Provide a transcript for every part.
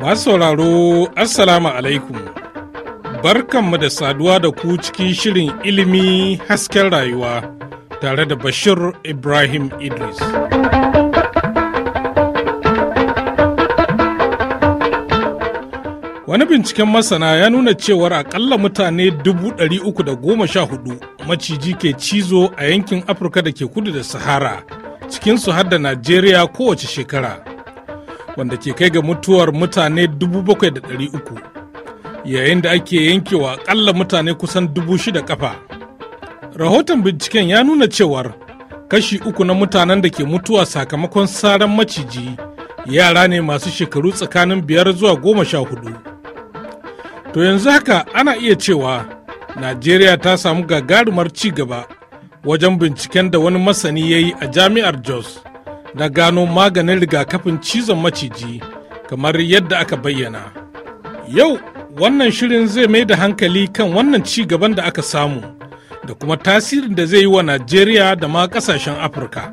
Masu sauraro Assalamu alaikum barkan mu da saduwa da ku cikin shirin ilimi hasken rayuwa tare da Bashir Ibrahim Idris. Wani binciken masana ya nuna cewar akalla mutane dubu ɗari uku da goma sha 314 maciji ke cizo a yankin afirka da ke kudu da sahara cikinsu har da najeriya kowace shekara wanda ke kai ga mutuwar mutane 7,300 yayin da ake yankewa akalla mutane kusan 6,000 kafa rahoton binciken ya nuna cewar kashi uku na mutanen da ke mutuwa sakamakon saran maciji yara ne masu shekaru tsakanin biyar zuwa goma sha hudu to yanzu haka ana iya cewa najeriya ta samu gagarumar ci gaba wajen binciken da wani masani ya yi a jami'ar jos na gano maganin rigakafin cizon maciji kamar yadda aka bayyana yau wannan shirin zai mai da hankali kan wannan ci gaban da aka samu da kuma tasirin da zai yi wa najeriya da ma kasashen afirka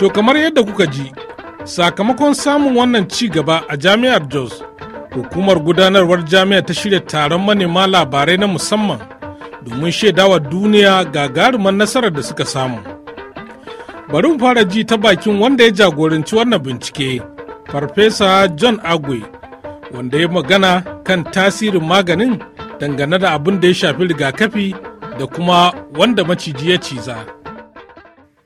to kamar yadda kuka ji Sakamakon samun wannan ci gaba a jami'ar Jos, hukumar gudanarwar jami'a ta shirya taron manema labarai na musamman domin shaidawa duniya gagarumar nasarar da suka samu. Bari mu fara ji ta bakin wanda ya jagoranci wannan bincike, Farfesa John Agwe, wanda ya magana kan tasirin maganin dangane da abin da ya shafi rigakafi da kuma wanda maciji ya ciza.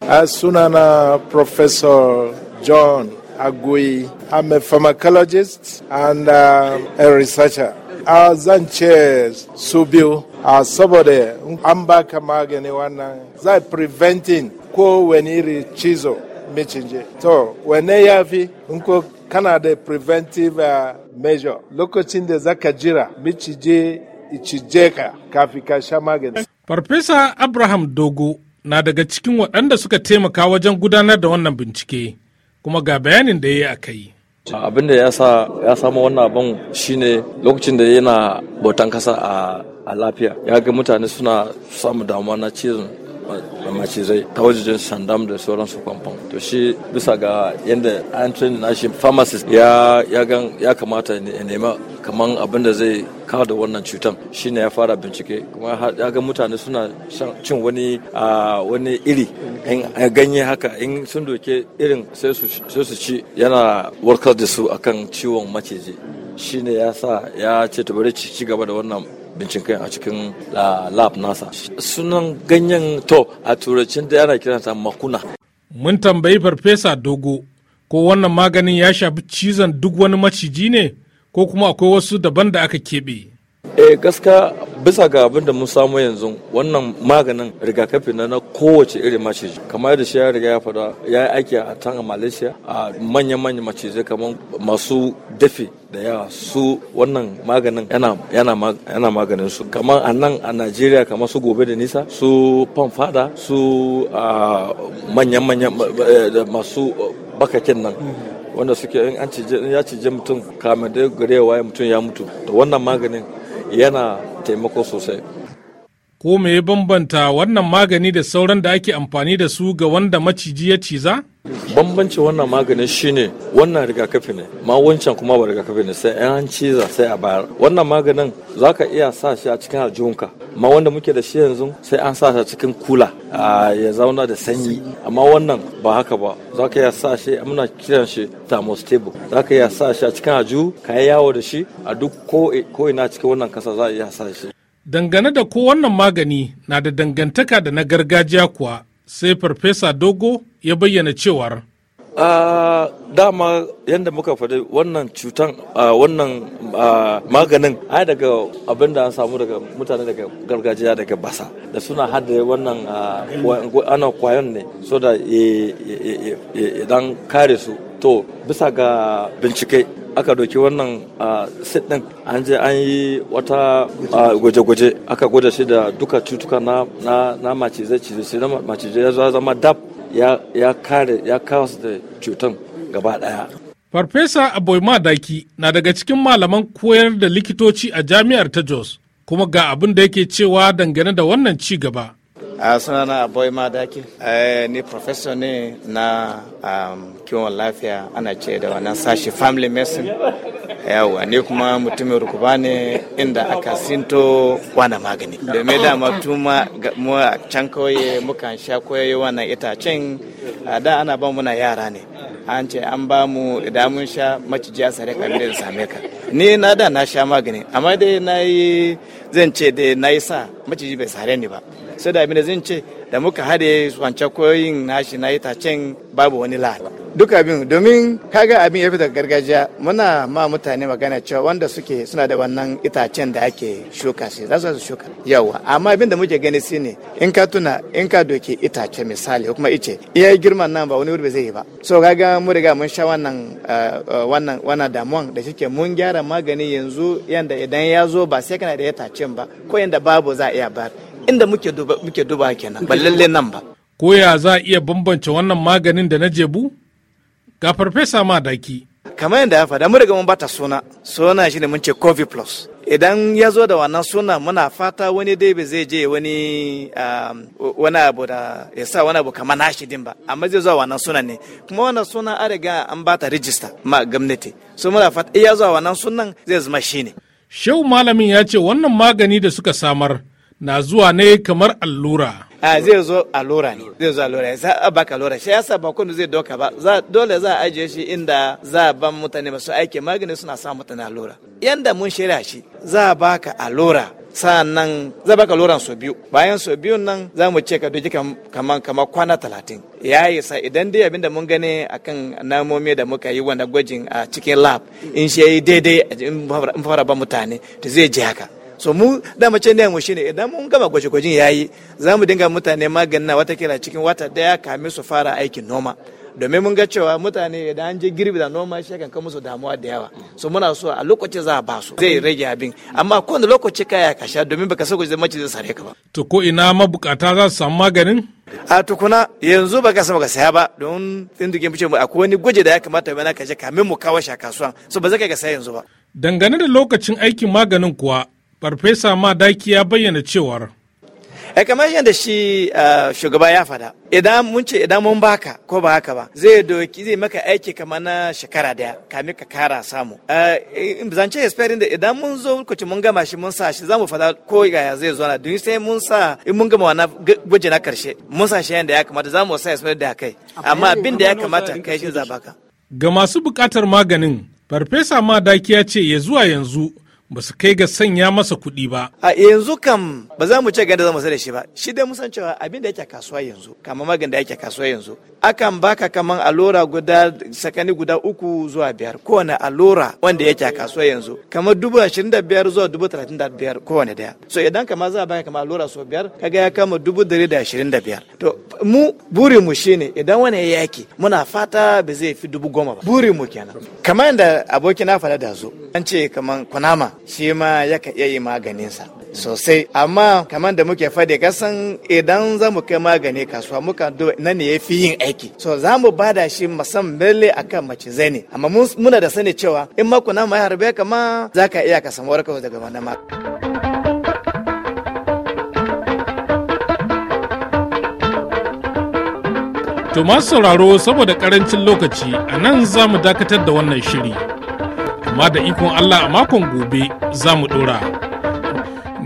A sunana Professor John Agui. I'm a pharmacologist and uh, a researcher. a ce su biyu a saboda an baka magani wannan zai preventing ko wani iri cizo micinje to wane ya fi ko kana da preventive uh, measure lokacin da zaka jira micije icije ka kafi ka sha magani farfesa abraham dogo na daga cikin waɗanda suka taimaka wajen gudanar da wannan bincike kuma ga bayanin da ya yi a kai. abin da ya samu wannan abin shine lokacin da yana bautan kasa a lafiya ya ga mutane suna samun damuwa na cizon macizai ta wajen sandam da sauransu kwamfan to shi bisa ga yadda an train nashi pharmacist ya ya kamata ya nema kaman abin da zai kawo da wannan cutan ne ya fara bincike kuma ya ga mutane suna cin wani wani iri ganye haka in sun doke irin sai su ci yana warkar da su akan ciwon maciji ne ya sa ya ce ta bari ci gaba da wannan binciken a cikin ah, lab nasa sunan ganyen to a turancin da ana kiransa makuna mun tambayi farfesa dogo ko wannan maganin ya shafi cizon duk wani maciji ne ko kuma akwai wasu daban da aka keɓe eh gaska bisa ga abin da mun samu yanzu wannan maganin rigakafi na na kowace irin maciji kamar yadda shi ya riga ya fada ya yi aiki a tan a malaysia a manyan manyan macizai kamar masu dafi da yawa su wannan maganin yana maganin su kamar a nan a najeriya kamar su gobe da nisa su fada su manya-manyan eh, masu bakakin nan wanda suke in an ya cije mutum kamar da gare mutum ya mutu to wannan maganin yana taimako sosai ko me ya bambanta wannan magani da sauran da ake amfani da su ga wanda maciji ya ciza bambanci wannan maganin shine wannan rigakafi ne ma wancan kuma ba rigakafi ne sai an ciza sai a bayar wannan maganin za ka iya sa shi a cikin aljihunka amma wanda muke da shi yanzu sai an sa shi a cikin kula ya zauna da sanyi amma wannan ba haka ba ka iya sa shi muna kiran shi thermostable ka iya sa shi a cikin aljihu ka yi yawo da shi a duk ko ina cikin wannan kasa za a iya sa shi dangane da ko wannan magani na da dangantaka da na gargajiya kuwa sai farfesa dogo ya bayyana cewar a dama yadda muka faɗi wannan cutan a wannan maganin a daga abin da an samu daga mutane daga gargajiya daga basa da suna hada wannan ana kwayon ne so da idan kare su to bisa ga bincike aka doki wannan sit din an je an yi wata gwaje-gwaje aka gwada shi da duka cutuka na macizai-cizai na macizai ya zama dab ya kare ya kawo su da cutan gaba daya farfesa aboy madaki na daga cikin malaman koyar da likitoci a jami'ar ta jos kuma ga abin da yake cewa dangane da wannan ci gaba a sunana aboy madaki ni professor ne na um, kiwon lafiya ana ce da wannan sashi family medicine yawa ne kuma mutumin rukuba ne inda aka sinto wana magani da mai dama tuma mu a can kawai muka sha koyayi wannan itacen a da ana ba muna yara ne an ce an ba mu idan mun sha maciji a sare ka da same ka ni na da na sha magani amma dai na yi zan ce dai na yi sa maciji bai sare ni ba sai da abin da zan ce da muka hada wancan koyin nashi na itacen babu wani lahadi duk abin domin kaga abin ya fi daga gargajiya muna ma mutane magana cewa wanda suke suna da wannan itacen da ake shuka shi za su shuka yawa amma abin da muke gani shine in ka tuna in ka doke itace misali kuma ice iya girman nan ba wani wuri zai yi ba so kaga mu riga mun sha wannan eh, eh, wannan wannan damuwan da shike mun gyara magani yanzu yanda idan ya zo ba sai kana da itacen ba ko yanda babu za a iya bayar inda muke duba muke duba kenan ba lalle nan ba ko ya za a iya bambance wannan maganin da na jebu Ga Farfesa daki. Kamar yadda ya faɗa, mu daga mun bata suna, suna shi ne mun ce COVID plus. Idan ya zo da wannan suna muna fata wani dai ba zai je wani um, wani abu da ya sa wani abu kamar nashi din ba, amma zai zo wannan suna ne. Kuma wannan suna an riga an bata rijista ma gwamnati. So muna fata iya zuwa wannan sunan zai zama shi ne. Shehu malamin ya ce wannan magani da suka samar na zuwa ne kamar allura. Ah, zai zo a lura ne zai zo a lura ne za a baka lura shi yasa ba kun zai doka ba za dole za a ajiye shi inda za a ban mutane masu aiki magani suna sa mutane lura yanda mun shirya shi za a baka allura sa'annan zai baka lura sau biyu bayan sau biyu nan za mu ce ka doki kamar kama kwana talatin ya yi sa idan dai abinda mun gani akan namomi da muka yi wanda gwajin a cikin lab in shi ya yi daidai in fara ba mutane to zai ji haka so mu dama can da mu shine idan mun gama gwaje-gwajen yayi za mu dinga mutane maganin na watakila cikin wata daya kamin su fara aikin noma domin mun ga cewa mutane idan an je girbi da noma shi kan musu damuwa da yawa so muna so a lokaci za a ba su zai rage abin amma kowane lokaci kaya ka sha domin baka sako zai mace zai sare ka ba to ko ina mabukata za su samu maganin a tukuna yanzu baka sama ka saya ba don tsindigin fice mu akwai wani gwaje da ya kamata mai na kashe kamin mu kawo shi a kasuwan so ba zai kai ka saya yanzu ba dangane da lokacin aikin maganin kuwa Farfesa Madaki ya bayyana cewar. E kamar yadda shi ah, shugaba ya fada, idan mun ce idan mun baka ko ba haka ba, zai doki zai maka aiki kamar na shekara daya kami ka kara samu. Eh, in Zance esperin da idan mun zo lokaci mun gama shi mun sa shi zamu fada ko yaya zai zo na dun sai mun sa in mun gama wannan gwaji na karshe mun sa shi yadda ya kamata zamu sa esperin da kai. Amma abin da ya kamata kai shi za baka. Ga masu bukatar maganin, Farfesa Madaki ya ce ya zuwa yanzu ba su kai ga sanya masa kuɗi ba. A yanzu kam ba za mu ce ganda za mu da shi ba. Shi dai mun san cewa abin da yake kasuwa yanzu, kama magan da yake kasuwa yanzu. Akan baka kaman alora guda sakani guda uku zuwa biyar kowane alora wanda yake kasuwa yanzu. Kamar dubu ashirin da biyar zuwa dubu talatin da biyar kowane daya. So idan kama za a baka kama alora sau biyar kaga ya kama dubu dari da ashirin da biyar. To mu burin mu shine idan wani ya yaki muna fata ba zai fi dubu goma ba burin mu kenan kamar yadda abokin na da zo an ce kamar kunama shi ma yaka iya yi maganinsa sosai amma kamar da muke fadi kasan idan za mu kai magani kasuwa muka do na ne ya fi yin aiki so za mu ba da shi musamman a akan mace zai ne amma muna da sani cewa in ma kunama ya harbe kama za ka iya ka samu warkar daga wannan To masu sauraro saboda karancin lokaci a nan za mu dakatar da wannan shiri. Amma da ikon Allah a makon gobe za mu ɗora.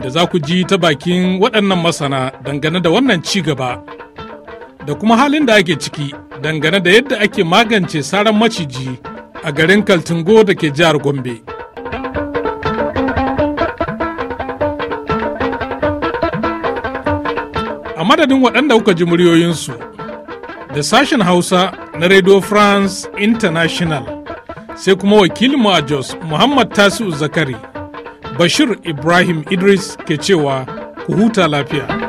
Da za ku ji ta bakin waɗannan masana dangane da wannan ci gaba. Da kuma halin da ake ciki dangane da yadda ake magance saran maciji a garin Kaltungo da ke jihar Gombe. A madadin waɗanda kuka ji muryoyinsu. da sashen Hausa na Radio France International sai kuma wakilinmu a Jos Muhammad Tasiu Zakari, Bashir Ibrahim Idris ke cewa ku huta lafiya.